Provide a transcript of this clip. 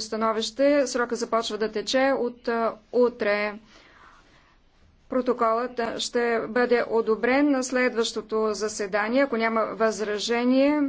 становище. Срока започва да тече от утре. Протоколът ще бъде одобрен на следващото заседание, ако няма възражение.